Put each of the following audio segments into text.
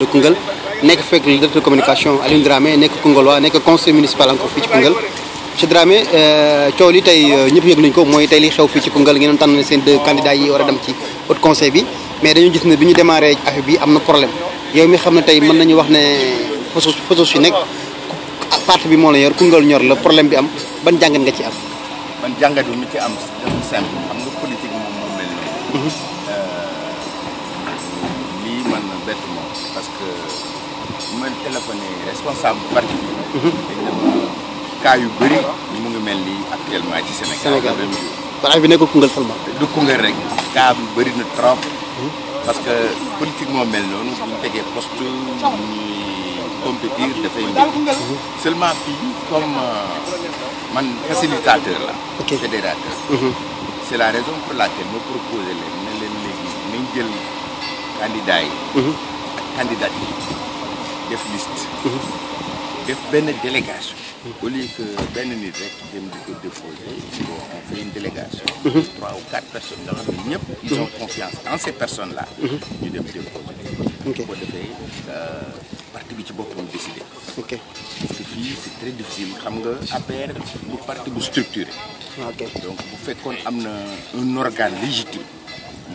de Koungheul nekk fekk directeur de communication Alioune Dramé nekk Koungheul waa nekk conseil municipal encore fii ci Koungheul monsieur Dramé euh, coow li tey euh, ñëpp yëg nañu ko mooy tey li xew fii ci Koungheul ngeen tànn seen deux candidats yi war dem ci haut conseil bi mais dañu gis ne bi ñu démarré affaire bi am na problème yow mi xam ne tey mën nañu wax ne fasos fasos yi nekk parti bi moo la yor Koungheul ñor la problème bi am ban jàngat nga ci am. ban jàngat bi ci am dafa simple exactement parce que mhm. mu mel téléphoné responsable parti bi. dañ ne ma cas mu ngi mel ni actuellement ci Sénégal. Sénégal waaye bi nekkul Koungheul seulement. du Koungheul rek cas bi bëri na trop. Mhm. parce que politique moo mel noonu bu ñu tegee poste ñuy compétir dafay mbir mhm. seulement fii comme euh, man facilitateur la fédérateur c'est la raison pour laquelle ma proposé leen ne leen léegi nañ jël candidat mhm. candidat yi def liste mhm. def délégation au lieu que benn nit rek déposer bon on fait une délégation mhm. trois ou quatre personnes nga xam ne ils ont confiance en ces personnes là ñu dem déposer boo defee euh, parti bi ci ok c'est très difficile xam nga APR bu parti bu ah, donc vous fekkoon qu'on na un organe légitime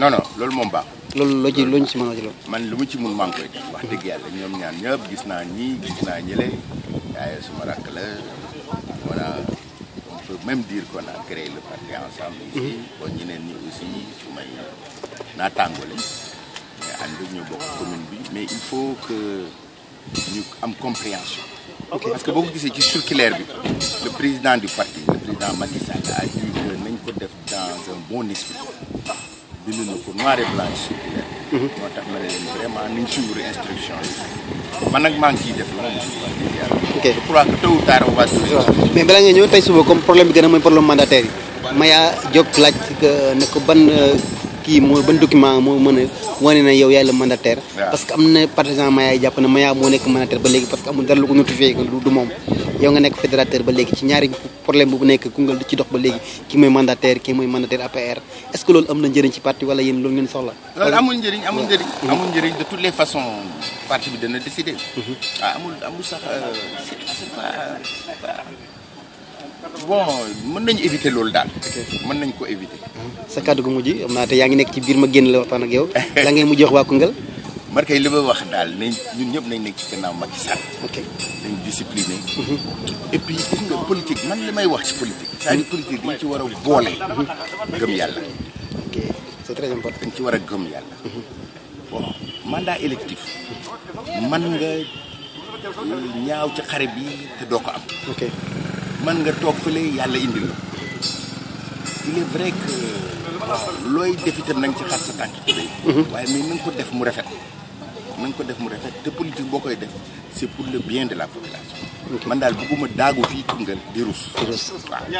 non non loolu moom baax loolu loo ci luñ ci mëna mën a man lu mu ci mun maa ngi koy def wax deug yalla ñom ñaan ñëpp gis na ñi gis na ñële ay suma rakk la voilà on peut même dire qu'on a créé le parti ensemble ici mhm. bo ñeneen ñi aussi ci may na tangolé mais ànd ñu bokk commune bi mais il faut que ñu am compréhension parce que boo ko gisee ci circulaire bi le président du parti le président Macky Sall a dit que nañ ko def dans un bon esprit bindu na ko noir et blanc ci la mo tax ma leen vraiment ni ci wuri instruction man ak man ci def la ok je crois que tôt ou tard on mais bala nga tay suba comme problème gëna moy problème mandataire maya jog laaj ci que ne ko ban ki mo ban document mo meuna wane na yow yàlla la mandataire. parce que am na par exemple Maya jàpp na Maya moo nekk mandataire ba léegi parce que amul dara lu ko notifié du moom. yow nga nekk fédérateur ba léegi ci ñaari problème bu nekk Koungheul di ci dox ba léegi kii mooy mandataire kii mooy mandataire APR est-ce que loolu am na njëriñ ci parti wala yéen loolu ngeen soxla. loolu amul njëriñ amul mhm. njëriñ. de toutes les façons parti bi dana décider. bon mën nañ éviter loolu daal. mën nañ ko éviter. sa kàddu gu mujj am naa yaa ngi nekk ci biir ma génn la waxtaan ak yow. la ngay mujj wax waa Koungheul. man kay li may wax daal nañ ñun ñëpp nañ nekk ci gannaaw Macky Sall. ok nañ discipliné. Mhm. et puis gis nga politique man li may wax ci politique. c'est-à-dire mhm. politique dañ ci war a boole. Mhm. gëm yàlla. ok c'est très important. dañ ci war a gëm yàlla. man mandat électif man nga ñaaw ci xare bi te doo ko am. man nga toog fële yàlla indi la il est vrai que waaw looy def itam na nga ci xar sa tànk mhm. waaye mais na nga ko def mu rafet na nga ko def mu rafet te politique boo koy def c'est pour le bien de la population man daal bëgguma dagu fi Koungheul di rus.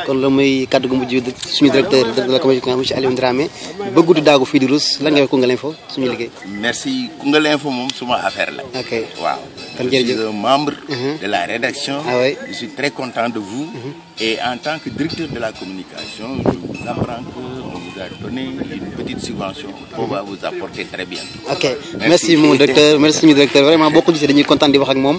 kon la muy kàddu suñu directeur de la communication monsieur Alioune Dramé bëggutu daagu dagu fi rus lan nga wax Koungheul Info suñu euh, liggéey. merci Koungheul Info mom suma affaire la. ok waaw. kon je suis membre. Uh-huh. de la rédaction. ah je suis très content de vous. Uh-huh. et en tant que directeur de la communication je vous apprends que. donner une petite subvention. on va vous apporter très bien. ok merci, merci mon directeur merci mon directeur vraiment boo ko gisee dañuy kontaan di wax ak moom.